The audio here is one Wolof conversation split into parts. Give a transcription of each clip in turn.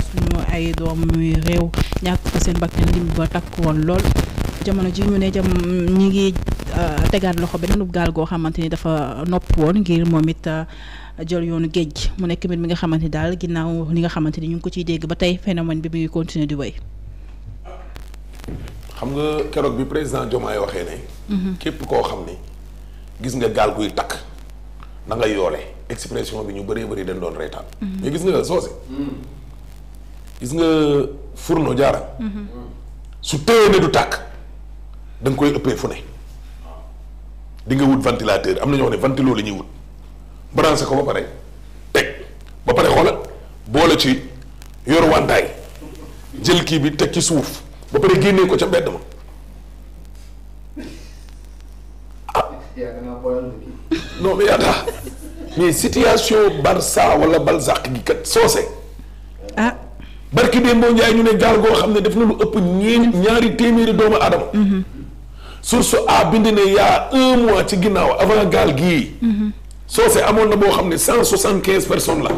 suñu ay doomu réew ñàkk fa seen bakkan lim ba takk woon lool jamono ji ñu ne jam ñi ngi euh, tegaat loxo beneen gaal goo xamante ni dafa nopp woon ngir moom it euh, jël yoonu géej mu nekk mbir mi nga xamante ni daal ginnaaw li nga xamante ni ñu ngi ko ciy dégg ba tey phénomène bi mu ngi continuer di wéy. xam nga keroog bi président Diomaye waxee ne. Mhm. képp koo xam ni gis nga gaal guy takk na nga yoole expression bi ñu bëree bëri dañ doon reetaan. Mhm. mais gis nga soose. gis nga fourneau jaara su téye ne du tàkk da koy ëppee fu ne di wut ventilateur am na ñoo xam ne ventilo la ñuy wut branché ko ba pare teg ba pare xoolal boole ci yor jël kii bi teg ci suuf ba pare génnee ko ca mbedd ma ah non mais mais situation Barça wala Balzac gi kat soose ah. barki Demba Ndiaye ñu ne gaal goo xam ne def na lu ëpp ñeen ñaari téeméeri doomu aadama. Mm-hmm. source a bind ne yaa un mois ci ginnaaw avant gaal gii. Mm-hmm. soo amoon na boo xam ne cent soixante quinze personnes la.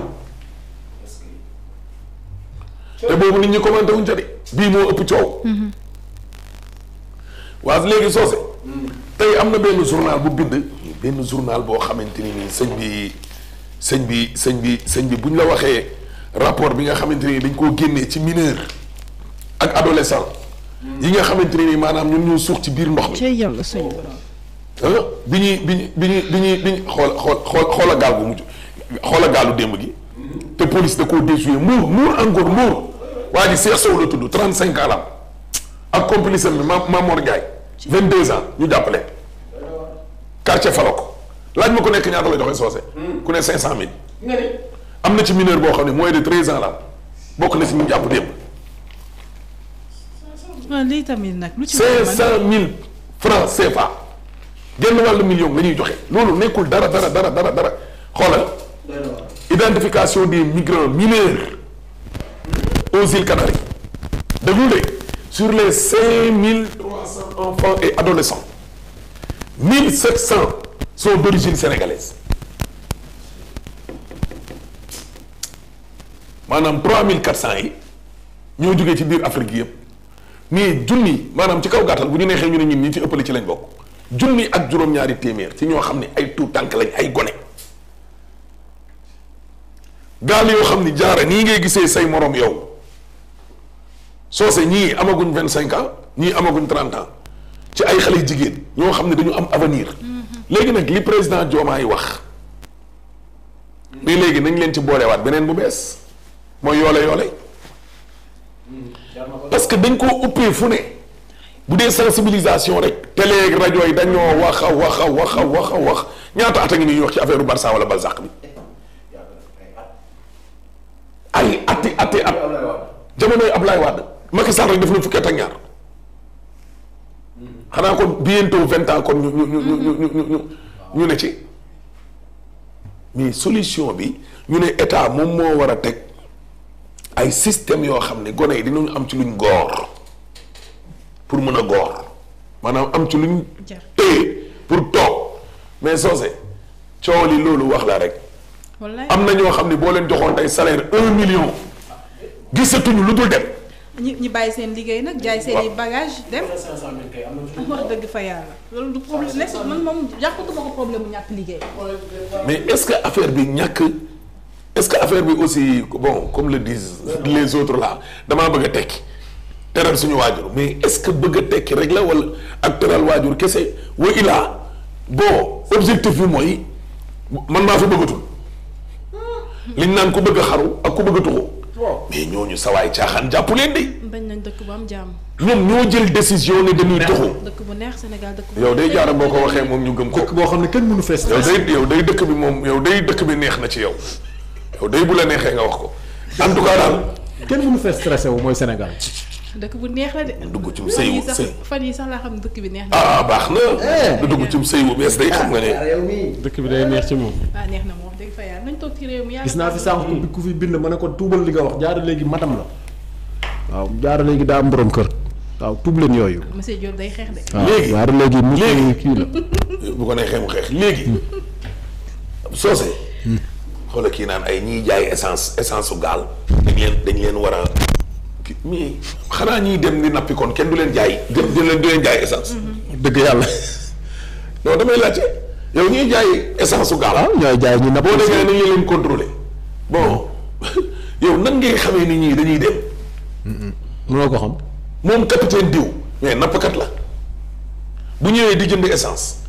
te boobu nit ñi commenté wuñ ca bii moo ëpp coow. Mm-hmm. waaw léegi soose mm. tey am na benn journal bu bind benn journal boo xamante ni nii sëñ bi sëñ bi sëñ bi sëñ bi buñ la waxee. rapport bi nga xamante ni dañ koo génnee ci mineur ak adolescent yi nga xamante ni maanaam ñu ñoo suux ci biir ndox mi. yàlla sëñ ah, bi ñuy bi ñuy bi ñuy bi ñuy bi ñuy xool xool a gaal bu mujj a gaalu démb gi. te police da koo déjoué muur muur encore muur waa ji Cheikh Sow la tudd 35 cinq la ak complice am bi Mamor Ndiaye 22 ans ñu jàppale. quartier Falok laaj ma ko nekk ñaata la joxe soose. Hmm. ku ne 500000. am na ci mineur boo xam ne moins de treize ans la bokk na si mu jàpp démb. waaw ah, lii tamit nag lu ci. cinq cent mille francs CFA genn wàllu million la ñuy joxe loolu nekkul dara dara dara dara dara xoolal. identification des migrants mineurs aux îles Canaries déglu de sur les cinq mille trois cent enfants et adolescents mille sept d'origine sénégalaise. maanaam 3400 yi ñoo jógee ci biir Afrique yëpp mais junni maanaam ci kaw gàttal bu ñu neexee ñu ne ñun ñi ci ëppale ci lañ bokk junni ak juróom-ñaari téeméer ci ñoo xam ne ay tuut tànk lañ ay gone. gaal yoo xam ni jaare nii ngay gisee say morom yow soose ñii amaguñ vingt cinq ans ñii amaguñ trente ans ci ay xale jigéen ñoo xam ne dañu am avenir mm-hmm. léegi nag li président Diomaye wax ni léegi nañ leen ci boolewaat beneen bu bees mooy yoole yoole parce que dañ koo uppee fu ne bu dee sensibilisation rek télé ak rajo yi dañoo wax a wax a wax a wax ñaata at a ngi ñuy wax ci affaire barsa wala Balzac bi ay atti atti at jamonoy Ablaye Wade Macky Sall rek def na fukki at ñaar xanaa kon bientôt vingt ans kon ñu ñu ñu ñu ñu ñu ñu ne ci mais solution bi ñu ne état moom moo war a teg. ay système yoo xam ne gone yi dinañu am ci luñ góor pour mën a góor maanaam am ci luñ téye pour toog mais soose coow li loolu wax la rek am na ñoo xam ne boo leen joxoon ay salaire un million gisatuñu lu dul dem ñi ñi bàyyi seen liggéey nag jaay seen i bagage dem wax dëgg fa yàlla loolu du problème man moom jàppatuma ko problème mu ñàkk liggéey mais est-ce que affaire bi ñàkk est-ce que affaire bi aussi bon comme le disent les autres là damaa bëgg a tekki teral suñu waajur mais est-ce que bëgg a tekki rek la wala ak teral waajur kese wa ilaa bon objectif bi mooy man maa fi bëggatul liñ naan ku bëgg a xaru ak ku bëgg a tuxu mais ñooñu sawaay caaxaan jàpp leen de. bañ nañ dëkk bu ñoo jël décision ne dañuy tuxu. dëkk neex Sénégal dëkk bu yow day jaara boo ko waxee moom ñu gëm ko. dëkk boo xam ne kenn mënu fees. yow day yow dëkk bi moom yow day dëkk neex na ci yow. yow day bu la neexee nga wax ko en tout cas daal. kenn mënu fee wu mooy Sénégal. dëkk bu neex la de. dugg cim sëy sëy fan yi sax laa xam dëkk bi neex na. ah baax na. du eh. dugg cim sëy wu bees day xam nga ne. Ah, dëkk bi day neex ci moom. waaw ah, neex na moom dëgg fa gis naa fi sànq ku ku fi bind ma ne ko tuubal li nga wax jaara léegi matam la. waaw jaara léegi daa am borom kër. waaw tuub leen yooyu. Ah, monsieur Diop day xeex de. léegi waaw jaara léegi mu kii la. bu ko neexee mu xeex léegi. soose. xoola kii naan ay ñiy jaay essence essence su gaal dañ leen dañ leen war a xanaa ñiy dem di nappi kon kenn du leen jaay dem du leen du leen jaay essence. Mm-hmm. dëgg yàlla non damay laajte yow ñuy jaay essence su gaal. waaw ah, ñooy jaay ñu napp boo demee nañ leen contrôler bon yow nan ngay xamee ni ñii dañuy dem. Mm-hmm. mënoo ko xam. moom capitaine diw mais nappkat la bu ñëwee di jënd essence.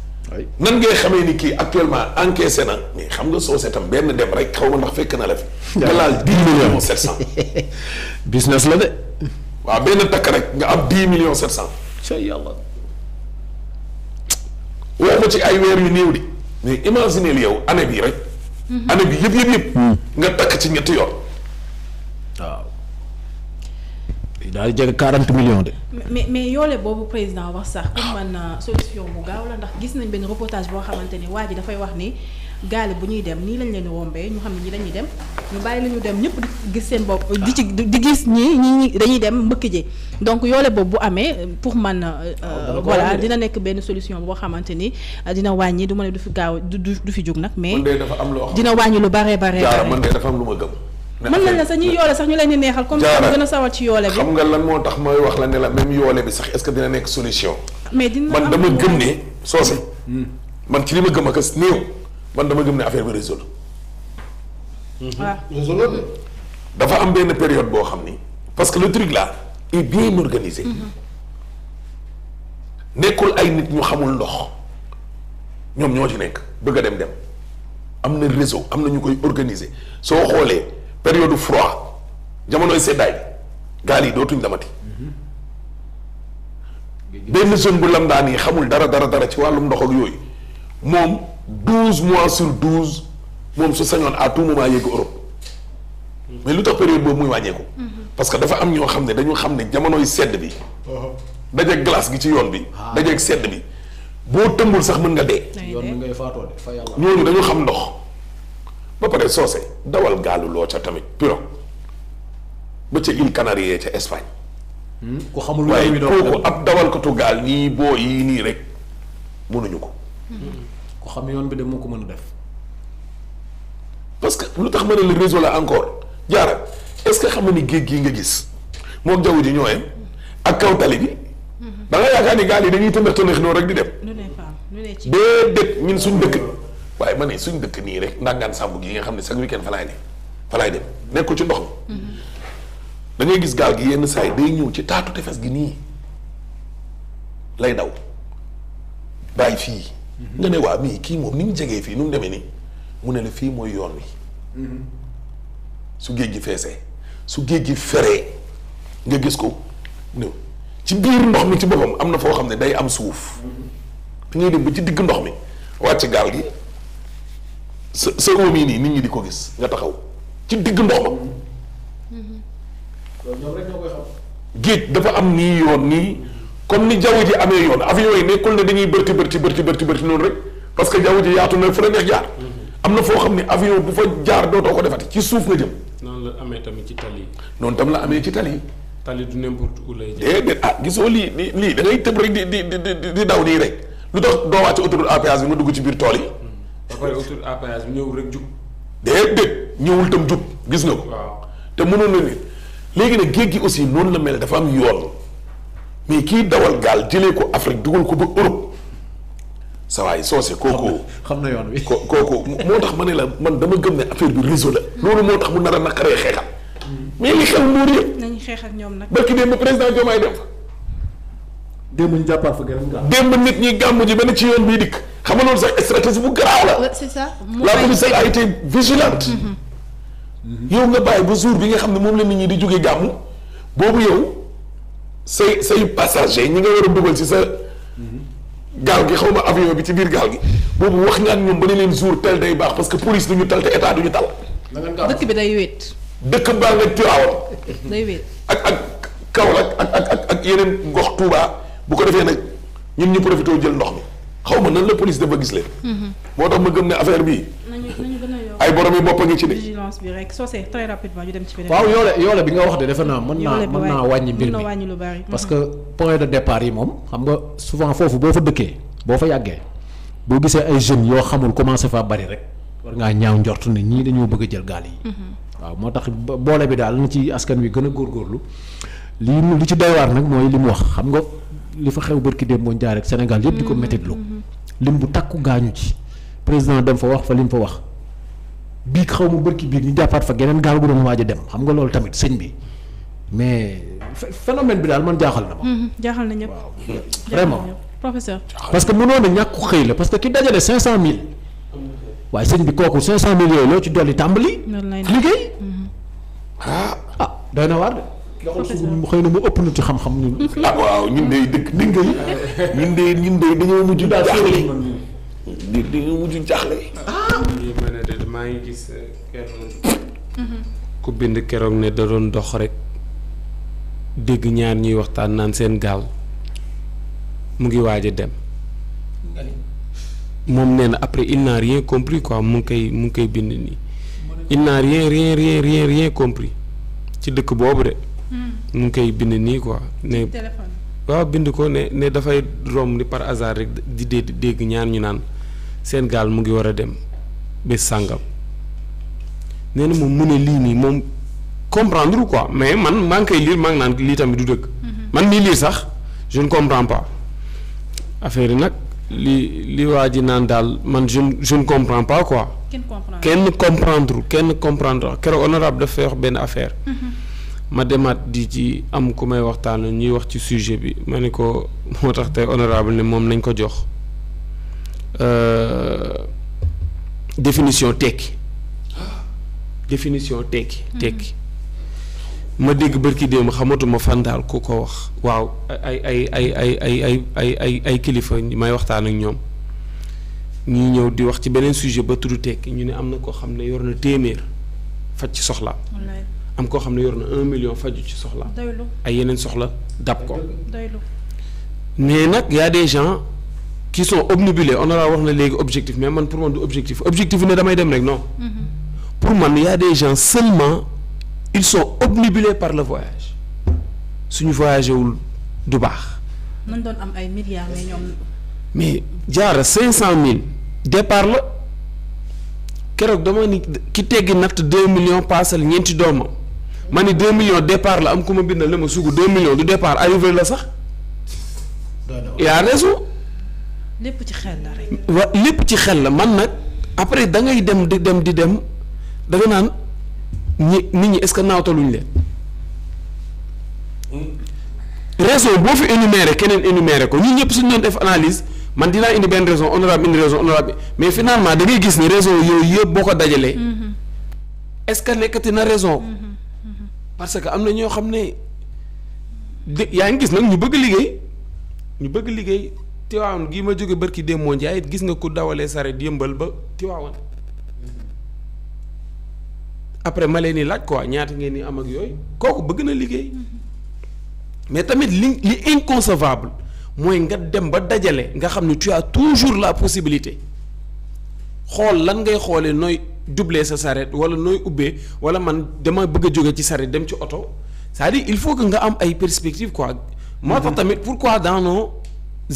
nan ngay xamee ni kii actuellement encaissé na mais xam nga soo setam benn dem rek xaw ma ndax fekk na la fi. nga laal dix millions sept cent. business la de. waaw benn takk rek nga am dix millions sept cent. ca yàlla. woo ma ci ay weer yu néew di mais image imaginez yow année bii rek. Mhm. année bi yëpp yëpp yëpp. Hmm. nga takk ci ñetti yoon. waaw. daal di jege quarante millions de. mais mais yoole boobu président wax sax pour man euh, solution bu gaaw la ndax gis nañ benn reportage boo xamante ni waa ji dafay wax ni gaale bu ñuy dem nii lañ leen wombee ñu xam ne ñi dañuy dem ñu bàyyi la ñu dem ñëpp gis seen bopp di ci di gis ñi ñii dañuy dem mbëkk ji donc yoole boobu bu amee pour man. Euh, ah, euh, voilà dina nekk benn solution boo xamante ni dina wàññi du ma ne du fi gaaw du du fi jóg nag mais. dina wàññi lu bare bare. jaara man mën nañ la sax ñuy yoole sax ñu leen di neexal comme jaara gën a sawar nga lan moo tax mooy wax la ne la même yoole bi sax est-ce que dina nekk solution mais man dama gëm ne soose hmm. man ci li ma gëm ak as néew man dama gëm ne affaire bi résoudre hmm. waaw dafa am benn période boo xam ni parce que le truc là est bien organisé hmm. nekkul ay nit ñu xamul ndox ñoom ñoo ci nekk bëgg a dem dem am na réseau am na ñu koy organiser soo xoolee période froid jamonoy seddaay gaal yi dootuñ damati benn zone bu lam daan yi xamul dara dara dara ci wàllum ndox ak yooyu moom douze mois sur douze moom su sañoon à tout moment yegg Europe mais lu tax période boobu muy wàññeeku. Mhm. parce que dafa am ñoo xam ne dañu xam ne jamonoy sedd bi. Uh-huh. dajeeg glace gi ci yoon bi. Ah. dajeeg sedd bi boo tëmbul sax mën nga dee. yoon bi ngay faatoo fa yàlla ñooñu dañu xam ndox. ba pare soose dawal gaalu ca tamit pirogue ba ca îles Canaries yee ca Espagne. Hmm? ku xamul waaye kooku ab dawalkatu gaal nii boo yii nii rek mënuñu ko. Hmm. ku xam yoon bi dem moo ko mën a def. parce que lu tax mën ne le réseau la encore jaara est-ce que xam nga ni géej gi nga gis moom jaww ji ñoo yem ak kaw tali bi hmm. da nga yaakaar ni gaal yi dañuy tëndax tëndax rek di dem. lu ne Pape lu ñun suñu dëkk. waaye ma ne suñ dëkk nii rek ndàngaan sàmm gi nga xam ne sag weekend fa laay ne fa dem nekkul ci ndox mi mm-hmm. da gis gaal gi yenn saa yi day ñëw ci taatu tefes gi nii lay daw bàyyi fii mm-hmm. nga ne waa mii kii moom ni mu jegee fii nu mu demee nii mu ne la fii mooy yoon wi mm-hmm. su géej gi feesee su géej gi feree nga gis ko ci biir ndox mi ci boppam am na foo xam ne day am suuf ngay dem ba ci digg ndox mi wàcc gaal gi sa sa oom nii nit ñi di ko gis nga taxaw ci digg ndox ba. ñoom rek ñoo koy xam. géej dafa am nii yoon nii comme ni jaww ji amee yoon avion yi nekkul ne dañuy bërti bërti bërti bërti bërti noonu rek parce que jaww ji yaatu na fu la neex jaar. Mhm. am na foo xam ne avion bu fa jaar dootoo ko defate ci suuf nga jëm. noonu la amee tamit ci tali yi. noonu tam la amee ci tali yi. tali du n'importe où lay jëm. déedéet ah gisoo lii lii da ngay tëb rek di di di di daw nii rek lu tax doo wàcc autoroute à péage bi nga dugg ci biir tool yi. ba pare autour APS ñëw rek jug. déedéet ñëwul tam jug gis nga ko. te mënoon na nit léegi nag géej gi aussi noonu la mel dafa am yoon mais kii dawal gaal jëlee ko Afrique dugal ko ba Europe sa waay soose kooku. xam na yoon wi ko kooku moo tax ma ne la man dama gëm ne affaire bi réseau la. loolu moo tax mu nar a naqaree xeexal. Hmm. mais li xel muur yëpp. nañu xeex ak ñoom nag. barki démb président Diomaye dem démb ñu jàppaat fa gërëm gaaw démb nit ñi gàmm ji ba ne ci yoon bii dikk xam sax stratégie bu garaaw la. c'est ça la commissaire a mm-hmm. Mm-hmm. yow nga bàyyi ba jour bi nga xam ne moom la nit ñi di jóge gàmm boobu yow say say passager ñi nga war a dugal ci sa. gaal gi xaw ma avion bi ci biir gaal gi boobu wax nga ak ñoom ba ne leen jour tel day baax parce que police du ñu tal te état du ñu tal. dëkk bi day wéet. dëkk baa nga Tiwaawan. day wéet ak ak Kaolack ak ak ak yeneen ngox Touba. bu ko defee nag ñun ñu profité jël ndox mi xaw ma nan la police dafa gis leen. Mhm. moo tax ma gëm ne affaire bii. ay borom yi a ngi ci de. vigilance bi rek sosé très rapidement ñu dem ci beneen. waaw yoole yoole bi nga wax de defe naa mën naa wàññi mbir mi parce mhm. que point de départ yi moom xam nga souvent foofu boo fa dëkkee boo fa yàggee boo gisee ay jeunes yoo xamul commencé faa bari rek war ngaa ñaaw njort ne ñii dañoo bëgg a jël gaal yi. Mhm. waaw moo tax boole bi daal na ci askan wi gën a góorgóorlu li li ci doy nag mooy li mu wax xam nga. li fa xew barki dem moo njaaree Sénégal yëpp di ko mm-hmm. méttitlu lim bu takku gaañu ci président dem fa wax fa lim fa wax biig xaw ma barki biig ñu jàppaat fa geneen gaal gu doon waaj a dem xam nga loolu tamit sëñ bi mais phénomène bi daal man jaaxal na ma. Mm-hmm. jaaxal na ñëpp vraiment professeur. parce que mënoon xëy la parce que ki dajale 500000. waaye sëñ bi kooku 500000 yooyu loo ci dolli tàmbali. liggéey mm-hmm. ah doy na waar de. doxul ëpp ci xam-xam ñun. ah maa ngi gis eh, mhm. ku bind keroog ne da doon dox rek dégg ñaar ñuy waxtaan naan seen gaaw mu ngi waaj a dem. moom nee na après il n'a rien compris quoi mu ngi koy mu ngi koy bind nii. il n'a rien rien rien rien rien compris ci dëkk boobu de. mu ngi koy bind nii quoi ne waaw bind ko ne ne dafay romb ni par hasard rek di dégg dégg ñaan ñu naan seen gaal mu ngi war a dem bés sàngam nee na moom mu ne lii nii moom comprendre quoi mais man maa ngi koy lire maa ngi naan lii tamit du dëgg mhm. man mii lire sax je ne comprends yi nag li li waa ji naan daal man je je ne comprends pas quoi kenn comprendre kenn comprendre keroog honorable dafay wax benn affaire mhm. ma demaat di ci am ku may waxtaan ñuy wax ci sujet bi ma ne ko moo tax te honorable ne moom nañ ko jox euh, définition tekki définition tekki mm-hmm. tekki ma dégg bërki démb xamatuma fan daal ku ko wax waaw ay ay ay ay ay ay ay ay ay kilifa may waxtaan ak ñoom ñuy ñëw di wax ci beneen sujet ba tudd tekki ñu ne am na koo xam ne yor na téeméer faj ci soxla am koo xam ne yor na un million faju ci soxla ay yeneen soxla dab ko mais nag y a des gens qui sont obnubilés on wax na léegi objectif mais man pour man du objectif objectif ne damay dem rek non mm-hmm. pour man y a des gens seulement ils sont par le voyage suñu voyagé wul du doon am ay milliards mais ñoom. mais jaara cinq cent mille départ la keroog dama ni ki teggi natt deux millions paasal ñeenti doomam. ma ni 2 millions départ la am ku ma bindal ne ma sugu 2 millions du départ arrivé la sax. yaa raison. lépp ci xel la lépp ci xel la man nag après da ngay dem di dem di dem da naan ñi nit ñi est-ce que naawtaluñ leen. Hmm? raison boo fi énuméré keneen énuméré ko ñun ñëpp suñu doon def analyse man dinaa indi benn raison honorable indi raison honorable mais finalement da ngay gis ni raison yooyu yëpp boo ko dajalee. Mm-hmm. est-ce que nekkati na raison. Mm-hmm. parce que am na ñoo xam ne dé yaa ngi gis nag ñu bëgg liggéey ñu bëgg liggéey Tiwaawan gii ma jóge barki Demba Ndiaye gis nga ko dawalee sare di yëmbal ba Tiwaawan après ma leen yi laaj quoi ñaata ngeen ni amag yooyu kooku bëgg na liggéey mais tamit li li inconcevable mooy nga dem ba dajale nga xam ne tu as toujours la possibilité. xool lan ngay xoolee nooy doubler sa saret wala nooy ubbee wala man dama bëgg a jóge ci saret dem ci oto cest à il faut que nga am ay perspectives quoi. moo tax mhm. tamit pourquoi dans nos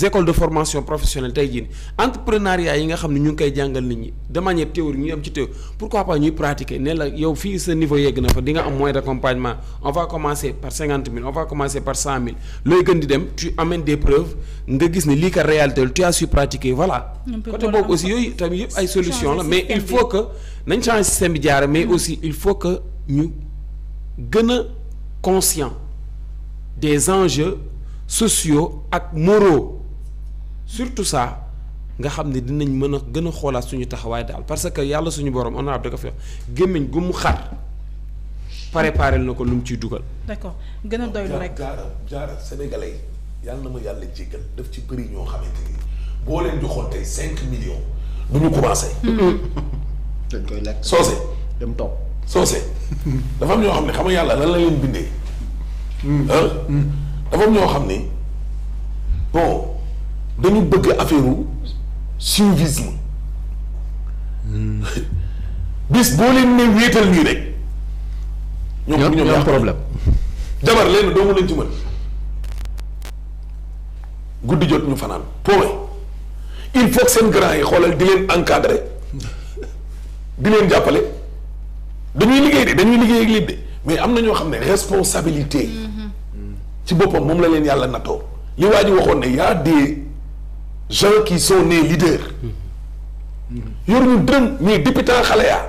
écoles de formation professionnelle tey jii entrepreneuriat yi nga xam ne ñu ngi koy jàngal nit ñi de manière théorique ñu am ci théorie pourquoi pas ñuy pratiquer ne la yow fii sa niveau yegg na fa di nga am moyen d'accompagnement on va commencer par cinquante mille on va commencer par cent mille looy gën di dem tu amènes des preuves nga gis ni lii kat réalité tu as su pratiquer voilà. côté boobu aussi yooyu tamit yëpp ay solution la mais il faut que nañ changer système bi jaare mais mm-hmm. aussi il faut que ñu gën a conscient des enjeux sociaux ak surtout ça nga xam ne dinañ mën a gën a xoolaat suñu taxawaay daal parce que yàlla suñu borom on a da ko fi wax gémmiñ gu mu xar préparé na ko lu mu ciy dugal. ko gën a doylu rek. jaara jaara sénégalais yi yàlla na ma yàlla jéggal daf ci bëri ñoo xamante ni boo leen joxoon tey cinq millions du ñu koy lekk soose. dem toog soose dafa am ñoo xam ne xam yàlla lan la leen bindee. Mm. Mm. dafa am ñoo xam ne bon. dañu bëgg affaire u suivisme bis boo leen ne wéetal nii rek. ñoom ñoom ñoom problème. jabar leen doomu leen ci mën guddi jot ñu fanaan point il faut seen grand yi xoolal di leen encadrer di leen jàppale dañuy liggéey de dañuy liggéey ak leen de mais am na ñoo xam ne responsabilité. ci boppam moom la leen yàlla nattoo li waa waxoon ne y gens kii sont nee leaders yoruñu dërëm mais député xale yaa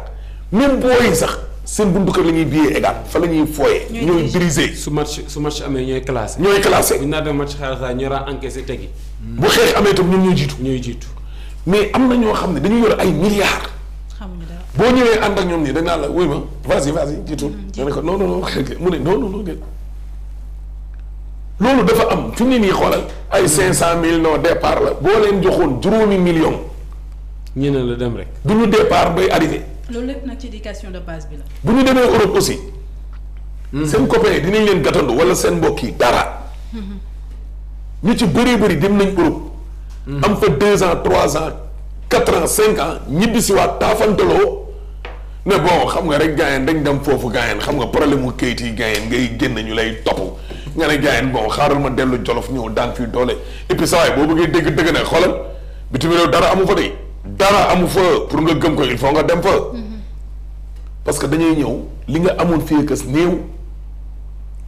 même booy sax seen buntu kër la ñuy biyee égal fa la ñuy fooyee. ñooy diriger su match su match amee ñooy classé. ñooy classé bu ñu naan match xaalis ñoo daan encaissé tegi. bu xeex amee itam ñoom ñooy jiitu. ñooy jiitu mais am na ñoo xam ne dañu yor ay milliards. xam boo ñëwee ànd ak ñoom nii dañ naan la wuy ma vas-y vas-y jiitu. Mm, jiitu ne ko non non non mu ne non loolu dafa am fi mu nii xoolal ay cinq cent mille non départ la boo leen joxoon juróomi million. ñu ne la dem rek. du ñu départ bay arrivé. loolu ci éducation de base bu ñu demee Europe aussi. Hmm. seen copain dinañ leen gàttandu wala seen mbokk yi dara. Hmm. ñu ci bëree bëri dem nañ Europe. Hmm. am fa deux ans trois ans quatre ans cinq ans ñibbi si waat taafantaloo ne bon xam nga rek gaayeen dañ dem foofu gaayeen xam nga problème mu kayit yi gaayeen ngay génn ñu lay topp. nga ne gars yi xaaral ma dellu jolof ñëw daan fii doole et puis saa waay boo bëggee dégg dëgg nag xoolal bitim réew dara amu fa de dara amu fa pour nga gëm ko il foo nga dem fa. Mm-hmm. parce que dañuy ñëw li nga amoon fii kës néew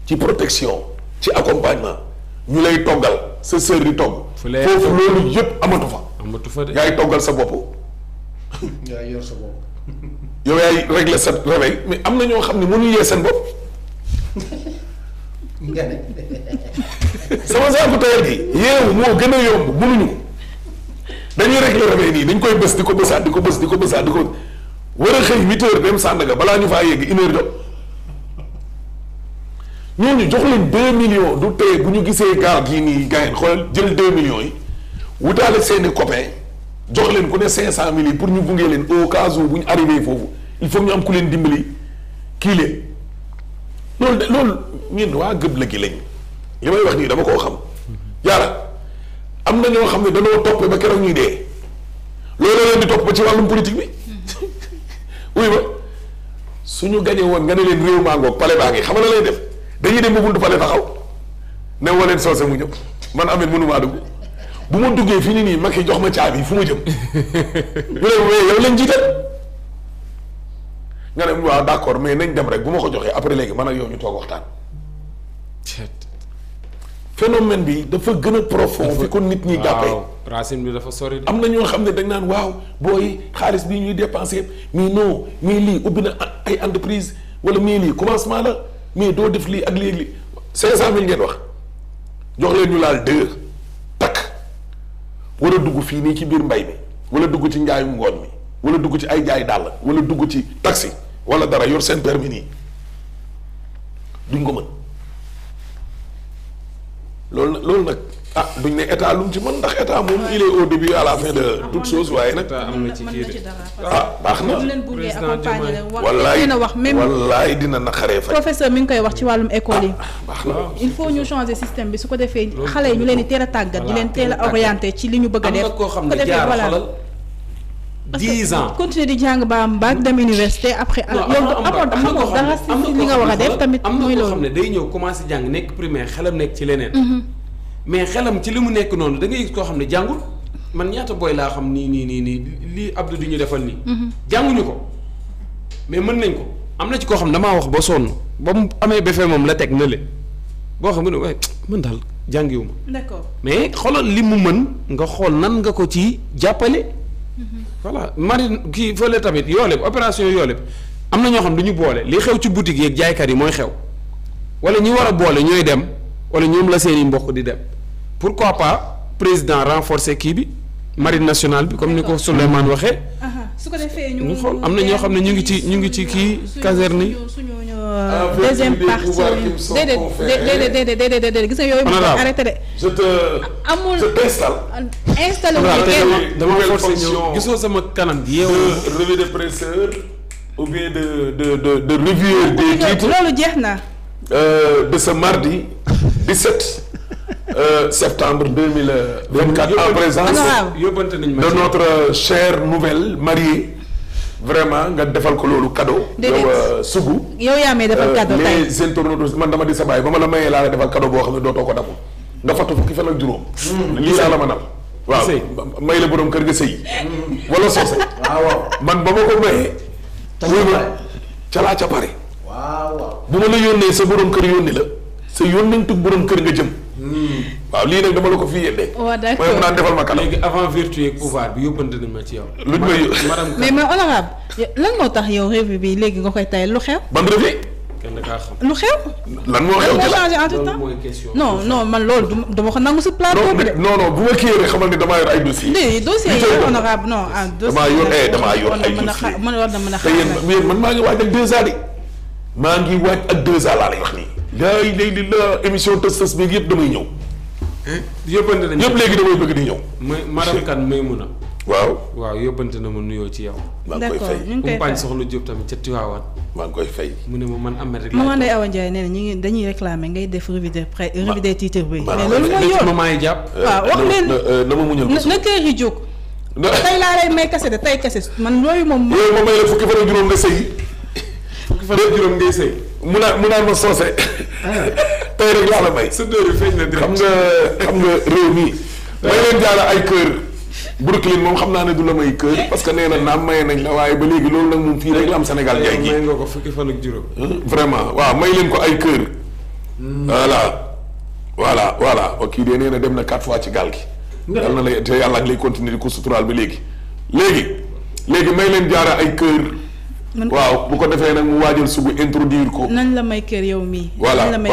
ci protection ci accompagnement ñu lay toggal sa sœur di togg. foofu loolu yëpp amatu fa. amatu fa yaay toggal sa bopp. yaay yor sa bopp. yow yaay régler sa réveil mais am na ñoo xam ne mënuñu yee seen bopp. sama saaku tayal gi yeewu moo gën a yomb mënuñu ko dañuy rek la nii dañ koy bës di ko bësaat di ko bës di ko bësaat di ko war a xëy huit heures dem Sandaga balaa ñu faa yegg une heure jot ñooñu jox leen deux millions du tey bu ñu gisee gaal gii nii gayen xoolal jël deux millions yi wutaale seeni copain jox leen ku ne cinq cent mille pour ñu gunge leen au cas bu ñu arrivé foofu il ñu am ku leen dimbali kii leen loolu de loolu ñun waa gëb la gi lañ li may wax nii dama koo xam yàlla am na ñoo xam ne dañoo topp ba keroog ñuy dee loolu leen di topp ba ci wàllum politique bi wuy ba suñu gañee woon nga ne leen réew maa ngoog pale baa ngi xam na lay def dañuy dem ba buntu pale taxaw ne woo leen soose mu ñëw man amet mënumaa dugg bu ma duggee fi ni nii Macky jox ma caabi fu ma jëm bu leen wéyee yow lañ jiital nga ne waaw d'accord mais nañ dem rek bu ma ko joxee après léegi man ak yow ñu toog waxtaan. phénomène bi dafa gën a profond fi ko nit ñi jàppee racine bi dafa sori am na ñoo xam ne dañ naan waaw booy xaalis bi ñuy dépensé mais non mais lii ubbi na ay entreprise wala mais lii commencement la mais doo def lii ak lii ak lii cinq cent mille ngeen wax jox leen ñu laal deux takk war a dugg fii nii ci biir mbay mi wala dugg ci njaayu ngoon mi wala dugg ci ay jaay dàll wala dugg ci taxi wala dara yor seen permis nii duñ ko mën loolu nag loolu nag ah duñ ne état lu mu ci mën ndax état moom il est au début à la fin de toute chose waaye nag. ah baax na. président dina naqaree fa. professeur mi ngi koy wax ci wàllum école yi. Ah, ah, baax il faut ñu changer système bi su ko defee xale yi ñu leen di a tàggat. di leen teel a ci li ñu bëgg a def. am na koo xam ne dix ans continuer di jàng ba am bac dem université après. amoo dara si li nga war a def tamit. mooy loolu am na koo xam ne day ñëw commencé jàng nekk primaire xelam nekk ci leneen. Mhm. mais xelam ci li mu nekk noonu da ngay gis koo xam ne jàngul man ñaata booy laa xam nii nii nii nii lii Abdou di ñu defal nii. Mhm. jànguñu ko mais mën nañ ko am na ci koo xam ne damaa wax ba sonn ba mu amee befee moom la teg na le boo xam ne waaye mën daal jàngiwu ma. d'accord mais xoolal li mu mën nga xool nan voilà marine kii fële tamit yooleeb opération yooleeb am na ñoo xam du ñu boole li xew ci boutique yeeg jaaykat yi mooy xew wala ñi war a boole ñooy dem wala ñoom la seen i di dem pourquoi pas président renforcer kii bi marine nationale bi comme ni ko Souleymane waxee. su ko defee am na ñoo xam ne ñu ngi ci ñu ngi ci kii caserne Euh, deuxième partie déedéet déedéet déedéet déedéet déedéet gis nga yooyu. maanaam arrêté de. amul je t'installe. installé wu ñu kenn dama forcé gisoo sama kanam gi. de revue de presseur ou bien de de de de revue des titres loolu jeex euh, de ce mardi 17. Euh, septembre deux mille vingt-quatre en présence de notre chère nouvelle mariée vraiment nga defal ko loolu cadeau. yow euh, sugu. yow yaa may defal euh, cadeau tey man dama di sa baay ba ma la mayee laa la defal cadeau boo xam ne dootoo ko damu nga fattu fukki fan ak juróom. Hmm, lii laa la mënal. waaw may la boroom kër ga sëy hmm. wala soose. Ah, waaw man ba ma ko mayee. ca laa ca pare. waaw bu ma la yónnee sa borom kër yónni la sa yónnantug borom kër nga jëm. Hmm. waaw lii nag dama la ko fi yéene. waaw d' accord mooy naan defal ma kanam. léegi avant vertu yeeg pouvoir bi yóbbante nañ ma ci yow. luñ may madame mais ma honorable lan moo tax yow revue bi léegi nga koy tay lu xew. ban revue. kenn kaa xam lu xew. lan moo xew ci la man loolu du ma ko nangu si plateau bi de. non bu ma kii xamal ne damaa yor ay lii dossier yi honorable i ah. damaa yor eh damaa yor ay dossiers. mën war na mën a xam te yéen man maa ngi waaj ak deux ans de maa ngi waaj ak deux laa lay wax nii laay lay li la émission tës tës beeg yëpp damay ñëw. Eh, yóbbante nañu yëpp léegi damay bëgg di ñëw. ma madame Kane may mun a. waaw waaw yóbbante na ma nuyoo ci yow. maa ngi koy fay umpaañ soxla Diop tamit ca Tivaouane. mu ma man Ameth rek. maman Ndeye Awa Ndiaye nee na ñu de jàpp. Euh, waaw wax leen euh, na ma muñal ko na kër yi jóg. tey laa lay may kase de tey kase man loolu moom. yooyu ma may la fukki fan ak juróom nga sëy fukki fan ak juróom ngay sëy mu naan mu a ma soose ah. tey rek laa la may. sa dóor yi feeñ na xam nga xam nga réew mii. Ah. may leen jaara ay kër. Brooklyn moom xam naa ne du la may kër parce que nee na naam maye nañ la waaye ba léegi loolu nag moom fii rek la am Sénégal jaay gi may fan ak juróom. vraiment waaw may leen ko ay kër. Hmm. voilà. voilà voilà kii de nee dem na quatre fois ci gaal gi. dal na la te yàlla ak lay continuer di ko suturaal ba léegi. léegi léegi may leen jaara ay kër. waaw bu ko defee nag mu waajal sugu introduire ko. nan la may kër yow mii. voilà